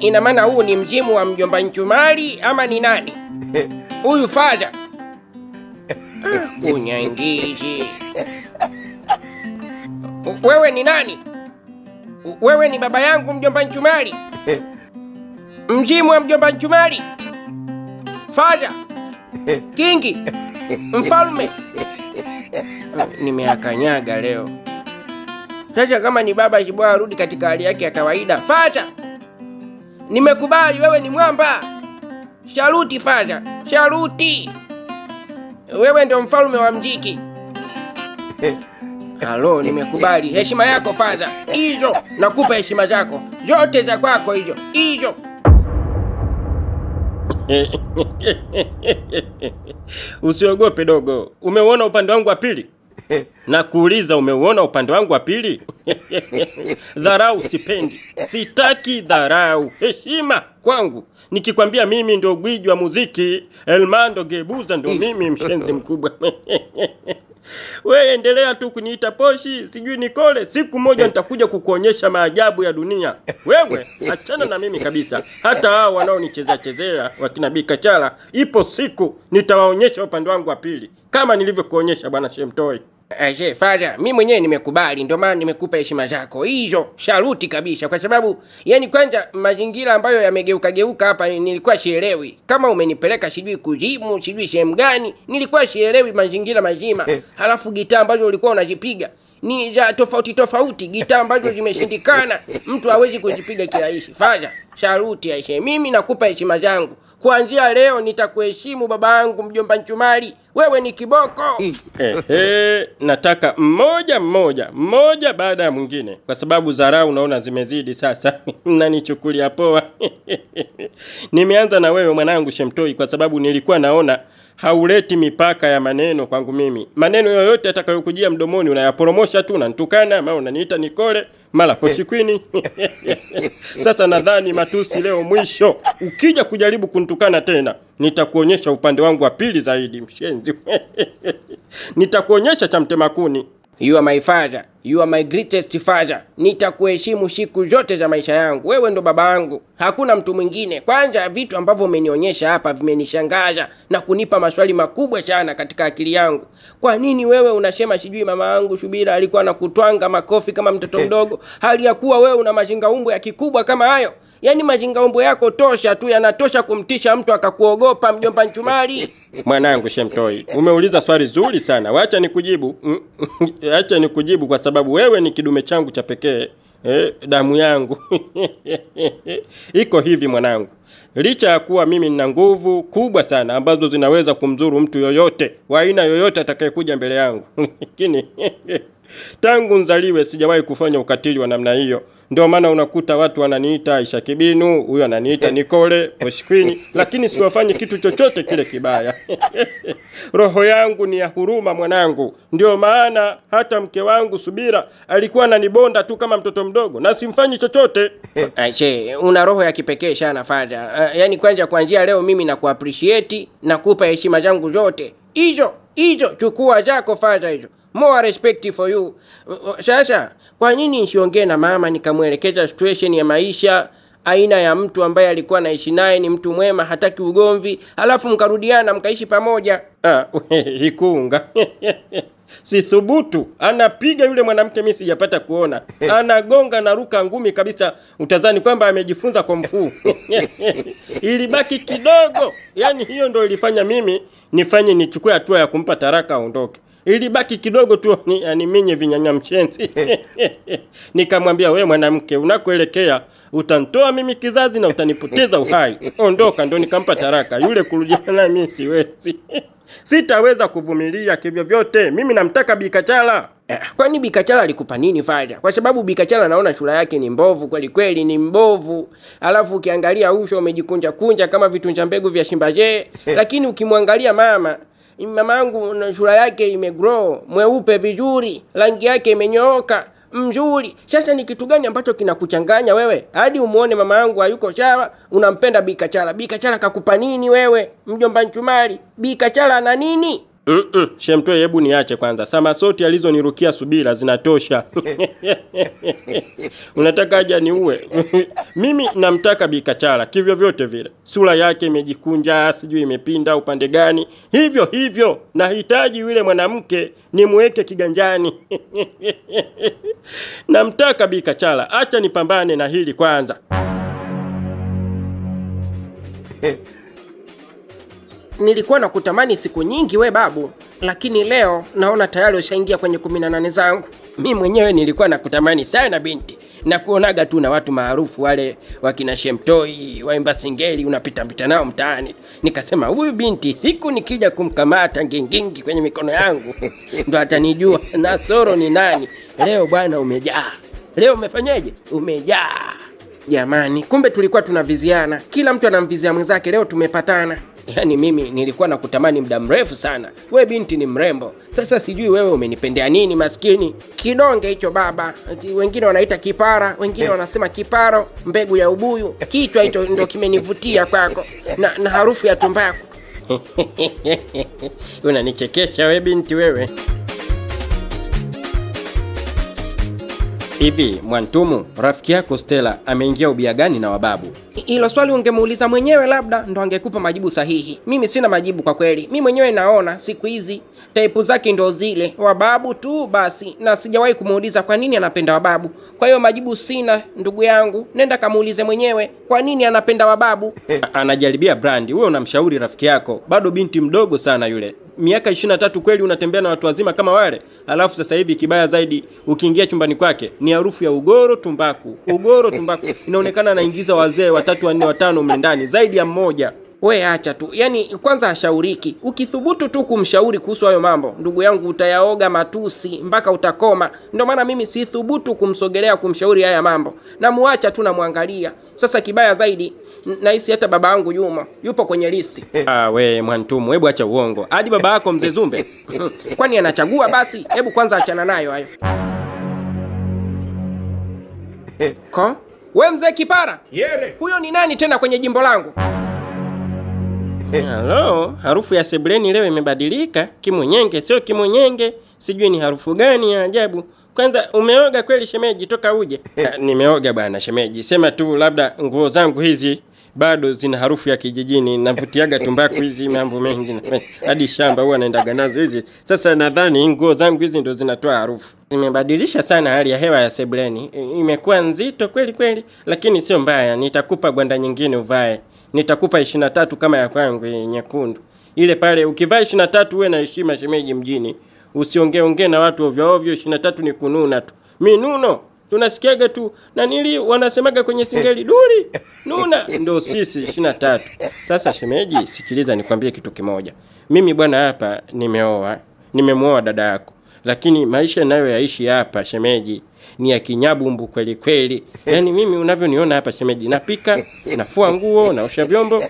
Ina maana huu ni mzimu wa mjomba Nchumali ama ni nani huyu fadha? Ah, Unyangizi wewe ni nani? Wewe ni baba yangu mjomba Nchumali? Mzimu wa mjomba Nchumali, fadha, kingi, mfalme. Nimeakanyaga leo. Sasa kama ni baba Shibwa arudi katika hali yake ya kawaida, fata nimekubali wewe ni mwamba. Sharuti fadha, sharuti, wewe ndio mfalume wa mziki. Halo, nimekubali heshima yako fadha, hizo nakupa heshima zako zote za kwako hizo hizo. Usiogope dogo, umeuona upande wangu wa pili? na kuuliza umeuona upande wangu wa pili? Dharau sipendi, sitaki dharau. Heshima kwangu, nikikwambia mimi ndio gwiji wa muziki Elmando Gebuza, ndio mm. mimi mshenzi mkubwa. We endelea tu kuniita poshi, sijui nikole. Siku moja nitakuja kukuonyesha maajabu ya dunia. Wewe achana na mimi kabisa, hata hao wanaonichezachezea wakina Bikachara, ipo siku nitawaonyesha upande wangu wa pili, kama nilivyokuonyesha bwana Shemtoi. Aje eh, Faza, mimi mwenyewe nimekubali, ndio maana nimekupa heshima zako hizo, sharuti kabisa, kwa sababu yani, kwanza mazingira ambayo yamegeuka geuka hapa nilikuwa sielewi, kama umenipeleka sijui kuzimu, sijui sehemu gani, nilikuwa sielewi mazingira mazima. Halafu gitaa ambazo ulikuwa unazipiga ni za tofauti tofauti, gitaa ambazo zimeshindikana, mtu hawezi kuzipiga kirahisi Faza sharuti aishe, mimi nakupa heshima zangu kuanzia leo nitakuheshimu baba yangu mjomba Nchumali, wewe ni kiboko. Eh, eh, nataka mmoja mmoja mmoja baada ya mwingine, kwa sababu dharau unaona zimezidi sasa. Mnanichukulia poa. Nimeanza na wewe mwanangu Shemtoi, kwa sababu nilikuwa naona hauleti mipaka ya maneno kwangu mimi. Maneno yoyote atakayokujia mdomoni unayaporomosha tu, unanitukana ama unaniita nikole, mara poshikwini eh. kwini. Sasa nadhani matusi leo mwisho. Ukija kujaribu kuntukana tena, nitakuonyesha upande wangu wa pili zaidi, mshenzi. Nitakuonyesha cha mtemakuni. You are my father, you are my greatest father. Nitakuheshimu siku zote za maisha yangu, wewe ndo baba yangu, hakuna mtu mwingine. Kwanza vitu ambavyo umenionyesha hapa vimenishangaza na kunipa maswali makubwa sana katika akili yangu. Kwa nini wewe unasema sijui mama yangu Shubira alikuwa anakutwanga makofi kama mtoto mdogo, hali ya kuwa wewe una mashinga umbo ya kikubwa kama hayo? yaani majingaombo yako tosha tu yanatosha kumtisha mtu akakuogopa mjomba Nchumali. Mwanangu Shemtoi, umeuliza swali zuri sana, wacha nikujibu. Acha nikujibu kwa sababu wewe ni kidume changu cha pekee. Eh, damu yangu iko hivi mwanangu, licha ya kuwa mimi nina nguvu kubwa sana ambazo zinaweza kumzuru mtu yoyote wa aina yoyote atakayekuja mbele yangu lakini Tangu nzaliwe sijawahi kufanya ukatili wa namna hiyo. Ndio maana unakuta watu wananiita Aisha Kibinu, huyo ananiita Nicole Posh lakini siwafanye kitu chochote kile kibaya. Roho yangu ni ya huruma mwanangu. Ndio maana hata mke wangu Subira alikuwa ananibonda tu kama mtoto mdogo na simfanyi chochote. Aisha, una roho ya kipekee sana Fadha. Eh, yaani kwanza kuanzia leo mimi na kuappreciate na kupa heshima zangu zote. Hizo hizo chukua zako Fadha hizo more respect for you. Sasa kwa nini nisiongee na mama nikamwelekeza situation ya maisha aina ya mtu ambaye alikuwa naishi naye ni mtu mwema, hataki ugomvi, halafu mkarudiana mkaishi pamoja. Ah, ikunga si thubutu, anapiga yule mwanamke, mi sijapata kuona anagonga na ruka ngumi kabisa, utazani kwamba amejifunza kwa mfuu ilibaki kidogo, yani hiyo ndo ilifanya mimi nifanye nichukue hatua ya kumpa taraka aondoke ilibaki kidogo tu ni eh, vinyanya mchenzi nikamwambia we mwanamke unakoelekea utantoa mimi kizazi na utanipoteza uhai ondoka ndo nikampa taraka yule kurujana mi siwezi sitaweza kuvumilia kivyo vyote mimi namtaka bikachala eh, kwani bikachala alikupa nini faja kwa sababu bikachala naona shula yake ni mbovu kweli kweli ni mbovu alafu ukiangalia usho umejikunja kunja kama vitunja mbegu vya shimbaje lakini ukimwangalia mama mamangu sura yake imegrow mweupe vizuri, rangi yake imenyooka mzuri. Sasa ni kitu gani ambacho kinakuchanganya wewe hadi umuone mama yangu hayuko sawa, unampenda Bikachara? Bikachara kakupa nini wewe, mjomba Nchumali? Bikachara na nini? Mm -mm. Shemtoe, hebu niache kwanza. Samasoti alizonirukia Subira zinatosha. Unataka aja niue? Mimi namtaka Bikachara kivyo vyote vile. Sura yake imejikunja, sijui imepinda upande gani. Hivyo hivyo nahitaji yule mwanamke nimweke kiganjani. namtaka Bikachara, acha nipambane na hili kwanza nilikuwa na kutamani siku nyingi we babu, lakini leo naona tayari ushaingia kwenye kumi na nane zangu. Mi mwenyewe nilikuwa na kutamani sana binti, na kuonaga tu na watu maarufu wale wakina Shemtoi, waimba singeli, unapitapita nao mtaani. Nikasema huyu binti siku nikija kumkamata ngingingi kwenye mikono yangu ndo atanijua Nasoro ni nani. Leo bwana umejaa, leo umefanyeje? Umejaa jamani, kumbe tulikuwa tunaviziana, kila mtu anamvizia mwenzake. Leo tumepatana yani mimi nilikuwa na kutamani muda mrefu sana. We binti ni mrembo, sasa sijui wewe umenipendea nini? Maskini kidonge hicho baba, wengine wanaita kipara, wengine wanasema kiparo, mbegu ya ubuyu. Kichwa hicho ndo kimenivutia kwako na, na harufu ya tumbaku unanichekesha we binti wewe. Hivi Mwantumu, rafiki yako Stella ameingia ubia gani na Wababu? Hilo swali ungemuuliza mwenyewe, labda ndo angekupa majibu sahihi. Mimi sina majibu kwa kweli, mi mwenyewe naona siku hizi taipu zake ndo zile Wababu tu basi, na sijawahi kumuuliza kwa nini anapenda Wababu. Kwa hiyo majibu sina, ndugu yangu, nenda kamuulize mwenyewe kwa nini anapenda Wababu. Anajaribia brandi, wewe unamshauri rafiki yako, bado binti mdogo sana yule miaka 23 kweli unatembea na watu wazima kama wale? Alafu sasa hivi kibaya zaidi, ukiingia chumbani kwake ni harufu ya ugoro tumbaku, ugoro tumbaku, inaonekana anaingiza wazee watatu wanne watano mle ndani, zaidi ya mmoja we acha tu, yaani kwanza hashauriki. Ukithubutu tu kumshauri kuhusu hayo mambo, ndugu yangu, utayaoga matusi mpaka utakoma. Ndio maana mimi sithubutu kumsogelea kumshauri haya mambo, namuacha tu, namwangalia. Sasa kibaya zaidi, nahisi hata baba yangu Juma yupo kwenye listi. Ah, we Mwantumu, hebu acha uongo. Hadi baba yako mzee Zumbe kwani anachagua? Basi hebu kwanza achana nayo hayo ko. We mzee Kipara, yere, huyo ni nani tena kwenye jimbo langu? Halo, eh, harufu ya sebleni leo imebadilika, kimunyenge sio kimunyenge, sijui ni harufu gani ya ajabu. Kwanza umeoga kweli shemeji, toka uje? Ah, nimeoga bwana shemeji, sema tu labda nguo zangu hizi bado zina harufu ya kijijini, navutiaga tumbaku hizi, mambo mengi hadi shamba huwa naendaga nazo hizi. Sasa nadhani nguo zangu hizi ndo zinatoa harufu. Zimebadilisha sana hali ya hewa ya sebleni, imekuwa nzito kweli kweli, lakini sio mbaya. Nitakupa gwanda nyingine uvae nitakupa 23 kama ya kwangu nyekundu. Ile pale ukivaa 23 uwe na heshima shemeji mjini. Usiongee ongee na watu ovyo ovyo, 23 ni kununa tu. Minuno tunasikiaga tu na nili wanasemaga kwenye singeli duli nuna ndo sisi 23. Sasa shemeji, sikiliza nikwambie kitu kimoja. Mimi bwana hapa nimeoa, nimemwoa dada yako lakini maisha ninayoyaishi hapa shemeji ni ya kinyabumbu kweli kweli. Yaani mimi unavyoniona hapa shemeji, napika, nafua nguo, naosha vyombo.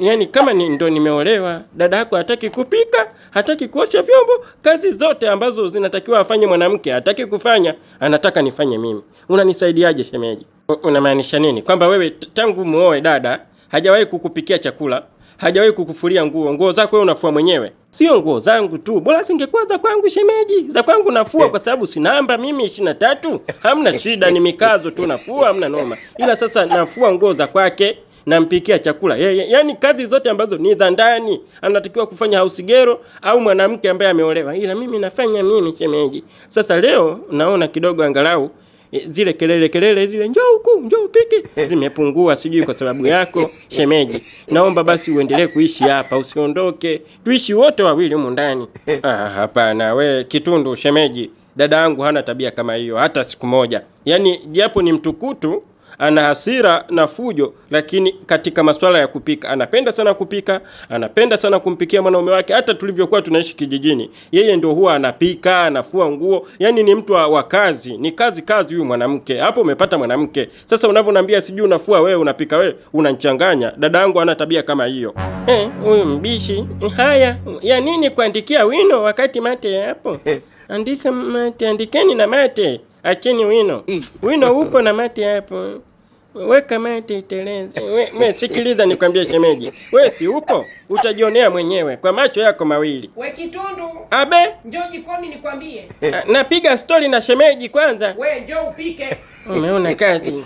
Yaani kama ni ndo nimeolewa. Dada yako hataki kupika, hataki kuosha vyombo, kazi zote ambazo zinatakiwa afanye mwanamke hataki kufanya, anataka nifanye mimi. Unanisaidiaje shemeji? Unamaanisha nini? Kwamba wewe tangu muoe dada hajawahi kukupikia chakula hajawahi kukufulia nguo. Nguo zako wewe unafua mwenyewe, sio nguo zangu tu. Bora zingekuwa za kwangu, shemeji, za kwangu nafua eh. kwa sababu namba mimi ishirini na tatu. Hamna shida, ni mikazo tu nafua, hamna noma. Ila sasa nafua nguo za kwake nampikia chakula yeye yeah, Yaani kazi zote ambazo ni za ndani anatakiwa kufanya hausigero au mwanamke ambaye ameolewa, ila mimi nafanya mimi shemeji. Sasa leo naona kidogo angalau Eh, zile kelele kelele zile njoo huku njoo upiki zimepungua, sijui kwa sababu yako shemeji. Naomba basi uendelee kuishi hapa, usiondoke, tuishi wote wawili humu ndani. Ah, hapana we Kitundu shemeji, dada yangu hana tabia kama hiyo hata siku moja, yaani japo ni mtukutu ana hasira na fujo, lakini katika masuala ya kupika anapenda sana kupika, anapenda sana kumpikia mwanaume wake. Hata tulivyokuwa tunaishi kijijini, yeye ndio huwa anapika, anafua nguo, yani ni mtu wa kazi, ni kazi kazi huyu mwanamke. Hapo umepata mwanamke. Sasa unavyonambia sijui unafua wewe, unapika wewe, unanchanganya Dada yangu ana tabia kama hiyo. Eh, huyu mbishi. Haya, ya nini kuandikia wino wakati mate hapo? Andika mate, andikeni na mate lakini wino mm. wino upo na mati hapo, weka mati iteleze. We, we sikiliza nikwambie shemeji, we si upo, utajionea mwenyewe kwa macho yako mawili. We Kitundu abe, njoo jikoni nikwambie. Napiga stori na shemeji kwanza. We njoo upike, umeona kazi.